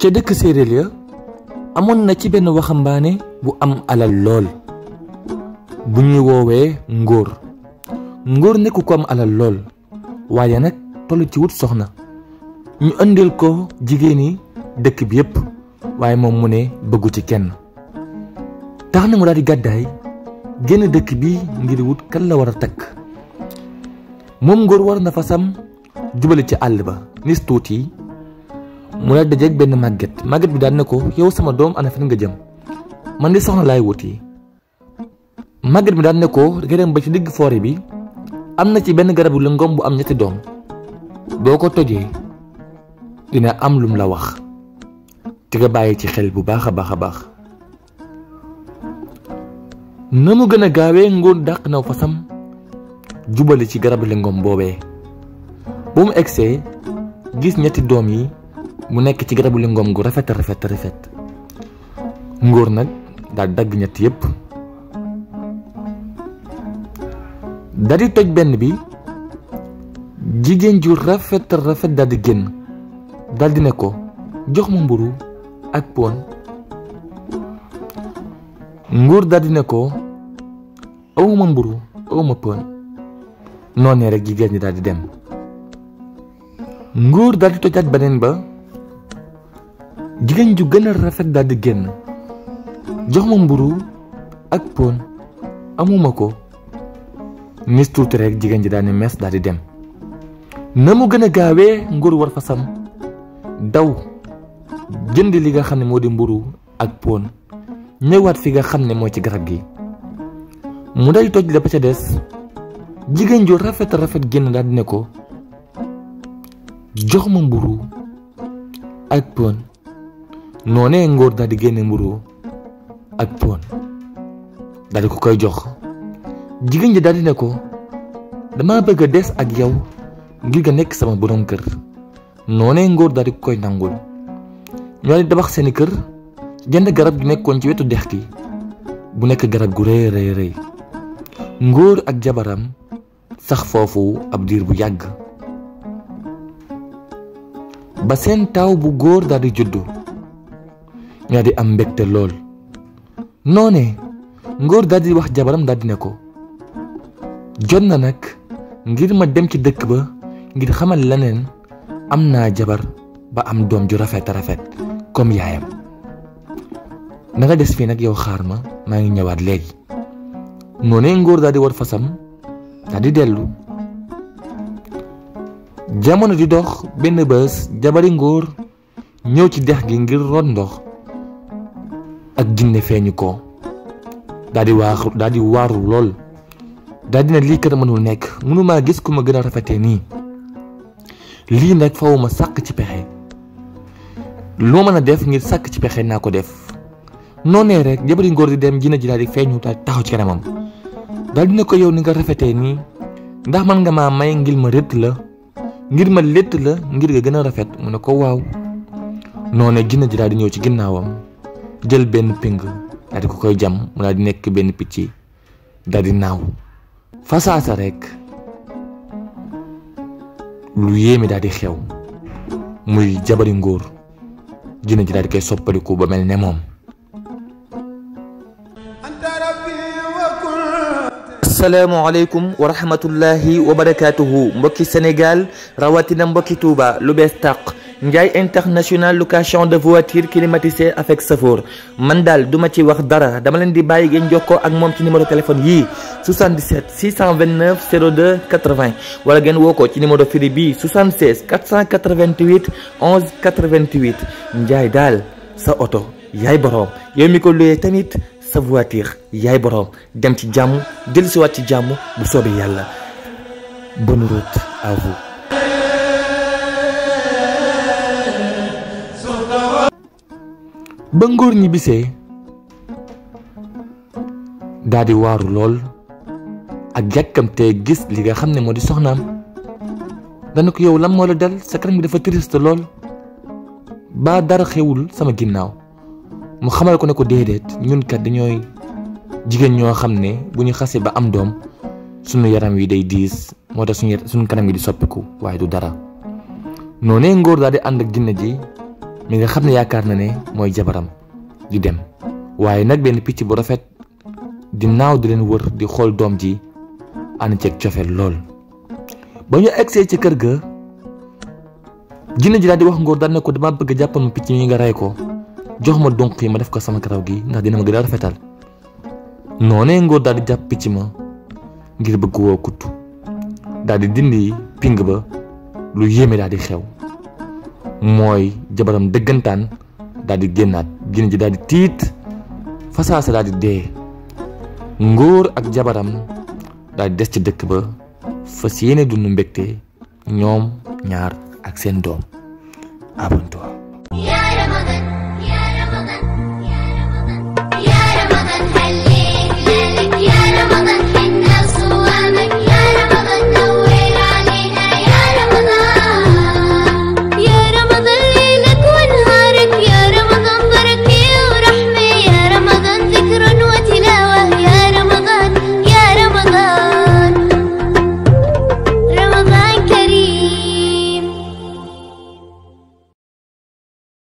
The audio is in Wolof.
ca dëkk séeréer ya amoon na ci benn waxambaane bu am alal lool bu ñuy woowee ngóor ngóor nekku ko am alal lool waaye nag toll ci wut soxna ñu indil ko jigéen yi dëkk bi yépp waaye moom mu ne bëggu ci kenn tax na mu daal di gàddaay génn dëkk bi ngir wut kan la war a takk moom ngóor war na fasam jubale ci àll ba nis tuuti mu la dajeeg benn màgget màgget bi daan na ko yow sama doom ana fan nga jëm man di soxna laay wuti màgget bi daal na ko nga ba ci digg foore bi am na ci benn garabu lëngoom bu am ñetti doom boo ko tojee dina am lum la wax te nga bàyyi ci xel bu baax a baax a baax na mu gën a gaawee ngoon dàq naw fasam jubale ci garabu lëngoom boobee bu mu egsee gis ñetti doom yi mu nekk ci garabu li ngoom gu rafet rafet rafet ngóor nag daal dagg ñett yépp daal toj benn bi jigéen ju rafet rafet daal génn daldi di ne ko jox ma mburu ak poon nguur daal di ko awma mburu awma poon noonee rek jigéen ñi daal di dem nguur daal di tojaat beneen ba jigéen ju gën a rafet daal di génn jox ma mburu ak pon amuma ko nis tuuti rek jigéen ji daal mes daal di dem na mu gën a gaawee nguur war fa sam daw jënd li nga xam ne moo di mburu ak pon ñëwaat fi nga xam ne moo ci garab gi mu day toj la ba ca des jigéen ju rafet rafet génn daal di ne ko jox ma mburu ak pon noonee ngóor daal génne mburu ak poon daal ko koy jox jigéen ji daal di ne ko dama bëgg a des ak yow ngir nga nekk sama borom kër noonee ngóor daal ko koy nangul ñoo di tabax seeni kër jand garab gi nekkoon ci wetu dex gi bu nekk garab gu rëy rëy rëy ngóor ak jabaram sax foofu ab diir bu yàgg ba seen taw bu góor daal juddu nga di am mbégte lool noone ngóor daal di wax jabaram daal di ne ko jot na nag ngir ma dem ci dëkk ba ngir xamal leneen am naa jabar ba am doom ju rafet rafet comme yaayam na des fii nag yow xaar ma maa ngi ñëwaat léegi noonee ngóor daal di war fasam daal di dellu jamono di dox benn bés jabari ngóor ñëw ci dex gi ngir root ndox ak jinne feeñu ko daal di waaru daal di waaru lool daal di ne lii kat mënul nekk maa gis ku ma gën a rafetee nii lii nag faw ma sàkk ci pexe loo mën a def ngir sàkk ci pexe naa ko def noonee rek jabari ngóor di dem jinne ji daal di feeñu daal taxaw ci kanamam daal di ko yow ni nga rafetee nii ndax mën nga maa may ngir ma rëtt la ngir ma létt la ngir nga gën a rafet mu ne ko waaw noonee jinne ji daal di ñëw ci ginnaawam jël benn ping daal di ko koy jam mu daal di nekk benn picc daal di naaw fasaasa rekk lu yéeme daal di xew muy jabari ngóor jinne ji daal di koy soppaliku ba mel ne moom asalaamaaleykum wa rahmatullahi wa barakaatuhu mbokki Sénégal rawatina mbokki Touba lu bees tàq Ndiaye international location de voiture climatisée avec chauffeur man daal duma ci wax dara dama leen di bàyyi ngeen jox jokkoo ak moom ci numéro téléphone yii 77 629 02 80 wala ngeen woo ko ci numéro firi bi 76 488 11 88 Ndiaye daal sa oto yaay boroom yow mi ko luyee tamit. sa voiture yaay boroom dem ci jàmm dellusiwaat ci jàmm bu soobee yàlla bonne route à vous. ba ngóor ñi bisee waaru lool ak jàkkamtee gis li nga xam ne moo di soxnaam dana ko yow lan moo la dal sa kanam bi dafa triste lool ba dara xewul sama ginnaaw mu xamal ko ne ko déedéet ñun kat dañooy jigéen ñoo xam ne bu ñu xasee ba am doom suñu yaram wi day diis moo tax suñu suñu kanam yi di soppiku waaye du dara noonee ngóor daal di ànd ak jinne ji mi nga xam ne yaakaar na ne mooy jabaram di dem waaye nag benn picc bu rafet di naaw di leen wër di xool doom ji ànd ceeg cofeel lool ba ñu egsee ci kër ga jinne ji daal di wax ngóor daal ne ko dama bëgg jàppal ma picc mi nga rey ko jox ma donc yi ma def ko sama karaw gi ndax dina ma gën a rafetal noonee ngóor daal di jàpp picc ma ngir bëgg woo kutt daal di dindi ping ba lu yéeme daal di xew mooy jabaram dëggantaan dal di génnaat génn ji daal di tiit fasaasa ngóor ak jabaram daal di ci dëkk ba fas yéene dund mbégte ñoom ñaar ak seen doom abontoir